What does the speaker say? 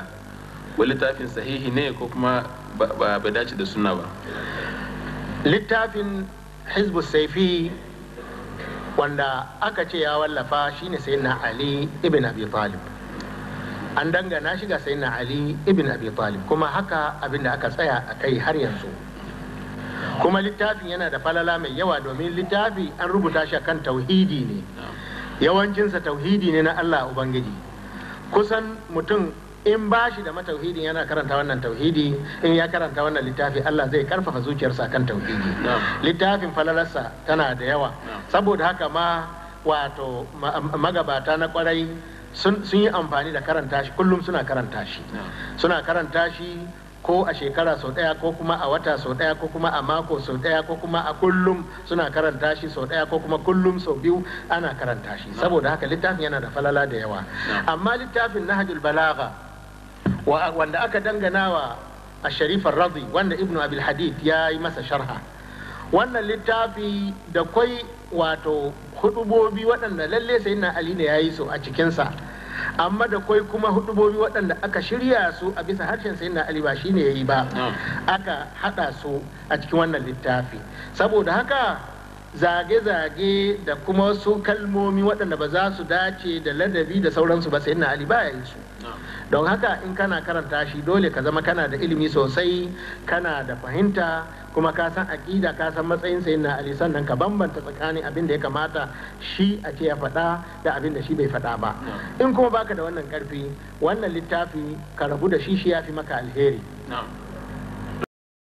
wani littafin sahihi ne ko kuma ba dace da suna ba littafin hizbu saifi wanda aka ce ya wallafa shine na ali ibn abi talib an dangana shi ga na ali ibn abi talib kuma haka abinda aka tsaya a kai har yanzu kuma littafin yana da falala mai yawa domin littafi an rubuta shi kan tauhidi ne yawancinsa tauhidi ne na allah ubangiji kusan mutum in ba shi da matauhidi yana karanta wannan tauhidi in ya karanta wannan littafi Allah zai karfafa zuciyarsa kan tauhidi littafin falalarsa tana da yawa saboda haka ma wato magabata na kwarai sun yi amfani da karanta shi kullum suna karanta shi suna karanta shi ko a shekara sau ɗaya ko kuma a wata sau ɗaya ko kuma a mako sau ɗaya ko kuma a kullum suna karanta shi sau ɗaya ko kuma kullum sau biyu ana karanta shi saboda haka littafin yana da falala da yawa amma littafin nahjul balagha wanda aka dangana wa a sharifar razi wanda ibnu abil ya yi masa sharha wannan littafi da kwai wato hudubobi waɗanda lalle sai na ali ne ya yi su a cikinsa amma da kwai kuma hudubobi waɗanda aka shirya su a bisa harshen sai na ali ba shi ne ya yi ba aka haɗa su a cikin wannan littafi saboda haka zage-zage da kuma wasu kalmomi waɗanda ba za su dace da ladabi da sauransu ba sai na ali ba yin su don haka in kana karanta shi dole ka zama kana da ilimi sosai kana da fahimta kuma ka san aƙida ka san matsayin sai na ali sannan ka bambanta tsakanin abin da ya kamata shi a ce ya faɗa da abin da shi bai faɗa ba in kuma baka da wannan ƙarfi wannan littafi ka rabu da shi shi ya fi maka alheri